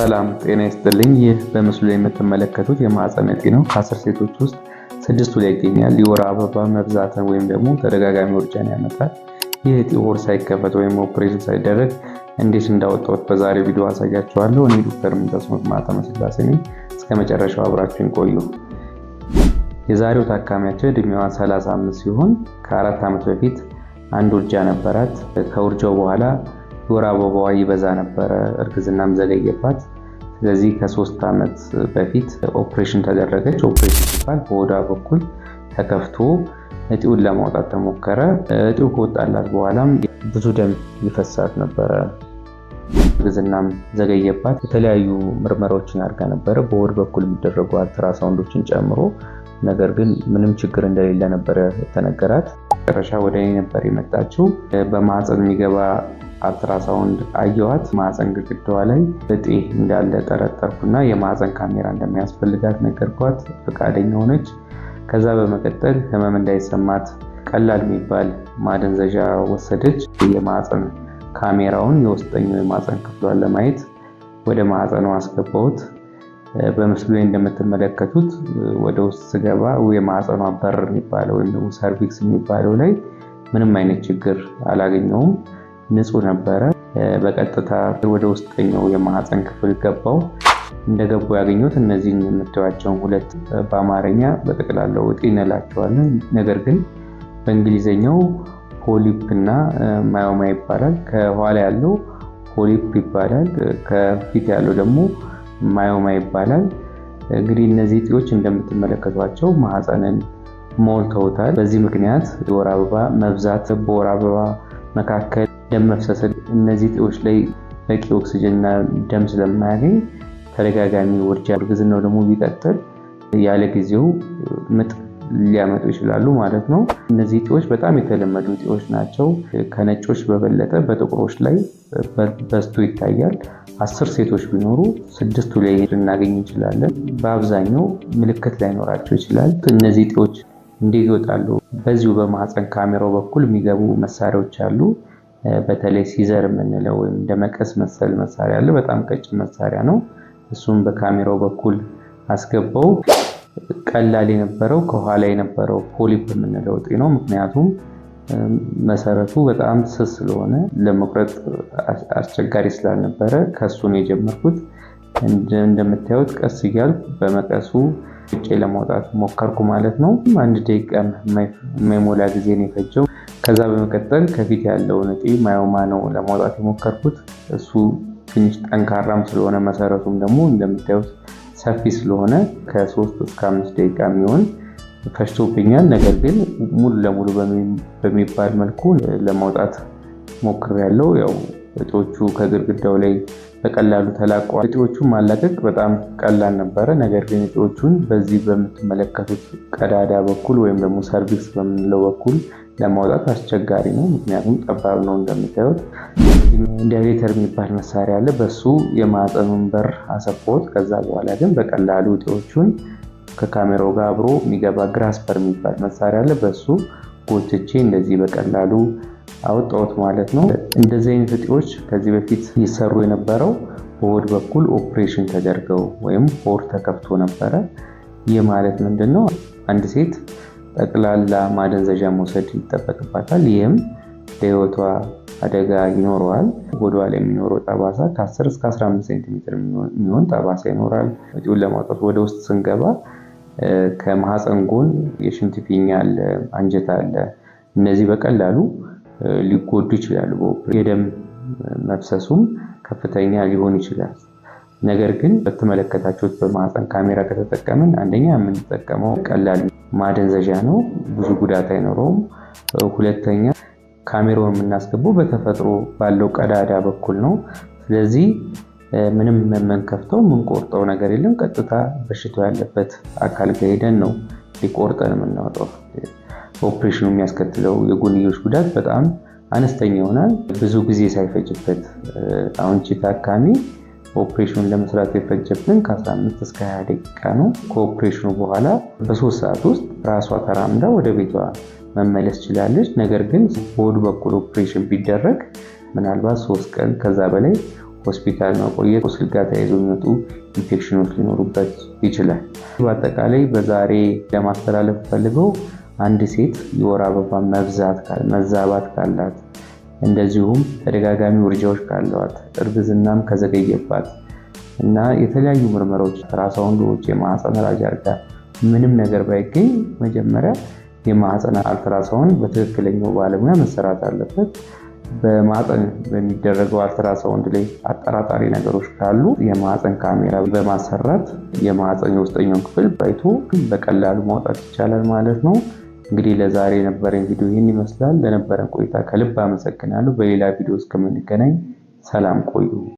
ሰላም ጤና ይስጥልኝ። ይህ በምስሉ ላይ የምትመለከቱት የማህፀን እጢ ነው። ከአስር ሴቶች ውስጥ ስድስቱ ላይ ይገኛል። የወር አበባ መብዛትን ወይም ደግሞ ተደጋጋሚ ውርጃን ያመጣል። ይህ እጢ ሳይከፈት ወይም ኦፕሬሽን ሳይደረግ እንዴት እንዳወጣሁት በዛሬው ቪዲዮ አሳያችኋለሁ። እኔ ዶክተር ምንተስኖት ማታ ነኝ። እስከ መጨረሻው አብራችን ቆዩ። የዛሬው ታካሚያቸው እድሜዋ 35 ሲሆን ከአራት ዓመት በፊት አንድ ውርጃ ነበራት። ከውርጃው በኋላ ወር አበባዋ ይበዛ ነበረ። እርግዝናም ዘገየባት። ስለዚህ ከሶስት ዓመት በፊት ኦፕሬሽን ተደረገች። ኦፕሬሽን ሲባል በወዳ በኩል ተከፍቶ እጢውን ለማውጣት ተሞከረ። እጢው ከወጣላት በኋላም ብዙ ደም ይፈሳት ነበረ። እርግዝናም ዘገየባት። የተለያዩ ምርመራዎችን አድርጋ ነበረ፣ በወድ በኩል የሚደረጉ አልትራሳውንዶችን ጨምሮ። ነገር ግን ምንም ችግር እንደሌለ ነበረ ተነገራት መጨረሻ ወደ እኔ ነበር የመጣችው። በማህፀን የሚገባ አልትራሳውንድ አየዋት። ማዕፀን ግድግዳዋ ላይ እጤ እንዳለ ጠረጠርኩና የማዕፀን ካሜራ እንደሚያስፈልጋት ነገርኳት። ፈቃደኛ ሆነች። ከዛ በመቀጠል ህመም እንዳይሰማት ቀላል የሚባል ማደንዘዣ ወሰደች። የማዕፀን ካሜራውን የውስጠኛው የማዕፀን ክፍሏን ለማየት ወደ ማዕፀኑ አስገባሁት። በምስሉ ላይ እንደምትመለከቱት ወደ ውስጥ ስገባ የማዕፀኗ በር የሚባለው ወይም ሰርቪክስ የሚባለው ላይ ምንም አይነት ችግር አላገኘውም። ንጹህ ነበረ። በቀጥታ ወደ ውስጠኛው የማህፀን ክፍል ገባው። እንደገቡ ያገኙት እነዚህን የምታዩቸውን ሁለት በአማርኛ በጠቅላላው እጢ እንላቸዋለን። ነገር ግን በእንግሊዝኛው ፖሊፕ እና ማዮማ ይባላል። ከኋላ ያለው ፖሊፕ ይባላል። ከፊት ያለው ደግሞ ማዮማ ይባላል። እንግዲህ እነዚህ እጢዎች እንደምትመለከቷቸው ማህፀንን ሞልተውታል። በዚህ ምክንያት የወር አበባ መብዛት በወር አበባ መካከል ደም መፍሰስን እነዚህ ጤዎች ላይ በቂ ኦክሲጅን እና ደም ስለማያገኝ ተደጋጋሚ ውርጃ፣ እርግዝናው ደግሞ ቢቀጥል ያለ ጊዜው ምጥ ሊያመጡ ይችላሉ ማለት ነው። እነዚህ ጤዎች በጣም የተለመዱ ጤዎች ናቸው። ከነጮች በበለጠ በጥቁሮች ላይ በዝቶ ይታያል። አስር ሴቶች ቢኖሩ ስድስቱ ላይ ልናገኝ እንችላለን። በአብዛኛው ምልክት ላይኖራቸው ይችላል። እነዚህ ጤዎች እንዴት ይወጣሉ? በዚሁ በማህፀን ካሜራው በኩል የሚገቡ መሳሪያዎች አሉ። በተለይ ሲዘር የምንለው ወይም እንደ መቀስ መሰል መሳሪያ አለ። በጣም ቀጭን መሳሪያ ነው። እሱም በካሜራው በኩል አስገባው። ቀላል የነበረው ከኋላ የነበረው ፖሊፕ የምንለው እጢ ነው። ምክንያቱም መሰረቱ በጣም ስስ ስለሆነ ለመቁረጥ አስቸጋሪ ስላልነበረ ከሱ ነው የጀመርኩት። እንደምታዩት ቀስ እያልኩ በመቀሱ ውጭ ለማውጣት ሞከርኩ ማለት ነው። አንድ ደቂቃ የማይሞላ ጊዜ ነው የፈጀው። ከዛ በመቀጠል ከፊት ያለው እጢ ማዮማ ነው ለማውጣት የሞከርኩት። እሱ ትንሽ ጠንካራም ስለሆነ መሰረቱም ደግሞ እንደምታዩት ሰፊ ስለሆነ ከሶስት እስከ አምስት ደቂቃ የሚሆን ፈጅቶብኛል። ነገር ግን ሙሉ ለሙሉ በሚባል መልኩ ለማውጣት ሞክሬያለሁ። ያው እጢዎቹ ከግድግዳው ላይ በቀላሉ ተላቋል። እጢዎቹን ማላቀቅ በጣም ቀላል ነበረ። ነገር ግን እጢዎቹን በዚህ በምትመለከቱት ቀዳዳ በኩል ወይም ደግሞ ሰርቪስ በምንለው በኩል ለማውጣት አስቸጋሪ ነው። ምክንያቱም ጠባብ ነው እንደምታዩት። ዳይሬተር የሚባል መሳሪያ አለ። በሱ የማዕፀኑን በር አሰፖት ከዛ በኋላ ግን በቀላሉ እጤዎቹን ከካሜራው ጋር አብሮ የሚገባ ግራስፐር የሚባል መሳሪያ አለ። በሱ ጎትቼ እንደዚህ በቀላሉ አወጣሁት ማለት ነው። እንደዚህ አይነት እጤዎች ከዚህ በፊት ይሰሩ የነበረው በሆድ በኩል ኦፕሬሽን ተደርገው ወይም ሆድ ተከፍቶ ነበረ። ይህ ማለት ምንድን ነው? አንድ ሴት ጠቅላላ ማደንዘዣ መውሰድ ይጠበቅባታል። ይህም ለህይወቷ አደጋ ይኖረዋል። ጎዳዋ ላይ የሚኖረው ጠባሳ ከ10 እስከ 15 ሴንቲሜትር የሚሆን ጠባሳ ይኖራል። ወጪውን ለማውጣት ወደ ውስጥ ስንገባ ከማህፀን ጎን የሽንት ፊኛ አለ፣ አንጀት አለ። እነዚህ በቀላሉ ሊጎዱ ይችላሉ። የደም መፍሰሱም ከፍተኛ ሊሆን ይችላል። ነገር ግን በተመለከታችሁት በማህፀን ካሜራ ከተጠቀምን አንደኛ የምንጠቀመው ቀላል ማደንዘዣ ነው፣ ብዙ ጉዳት አይኖረውም። ሁለተኛ ካሜራውን የምናስገባው በተፈጥሮ ባለው ቀዳዳ በኩል ነው። ስለዚህ ምንም የምንከፍተው የምንቆርጠው ነገር የለም። ቀጥታ በሽታው ያለበት አካል ጋር ሄደን ነው ሊቆርጠን የምናወጣው። ኦፕሬሽኑ የሚያስከትለው የጎንዮሽ ጉዳት በጣም አነስተኛ ይሆናል። ብዙ ጊዜ ሳይፈጅበት አሁን ታካሚ ኦፕሬሽኑን ለመስራት የፈጀብን ከ15 እስከ 20 ደቂቃ ነው። ከኦፕሬሽኑ በኋላ በሶስት ሰዓት ውስጥ ራሷ ተራምዳ ወደ ቤቷ መመለስ ችላለች። ነገር ግን በሆድ በኩል ኦፕሬሽን ቢደረግ ምናልባት ሶስት ቀን ከዛ በላይ ሆስፒታል መቆየት ቁስል ጋር ተያይዞ የሚመጡ ኢንፌክሽኖች ሊኖሩበት ይችላል። በአጠቃላይ በዛሬ ለማስተላለፍ ፈልገው አንድ ሴት የወር አበባ መብዛት መዛባት ካላት እንደዚሁም ተደጋጋሚ ውርጃዎች ካለዋት፣ እርግዝናም ከዘገየባት እና የተለያዩ ምርመራዎች ከራሷን ውጭ የማህፀን ራጃ አርጋ ምንም ነገር ባይገኝ መጀመሪያ የማህፀን አልትራሳውን በትክክለኛው ባለሙያ መሰራት አለበት። በማህፀን በሚደረገው አልትራሳውንድ ላይ አጠራጣሪ ነገሮች ካሉ የማህፀን ካሜራ በማሰራት የማህፀን የውስጠኛውን ክፍል ባይቶ በቀላሉ ማውጣት ይቻላል ማለት ነው። እንግዲህ ለዛሬ የነበረኝ ቪዲዮ ይህን ይመስላል። ለነበረን ቆይታ ከልብ አመሰግናለሁ። በሌላ ቪዲዮ እስከምንገናኝ ሰላም ቆዩ።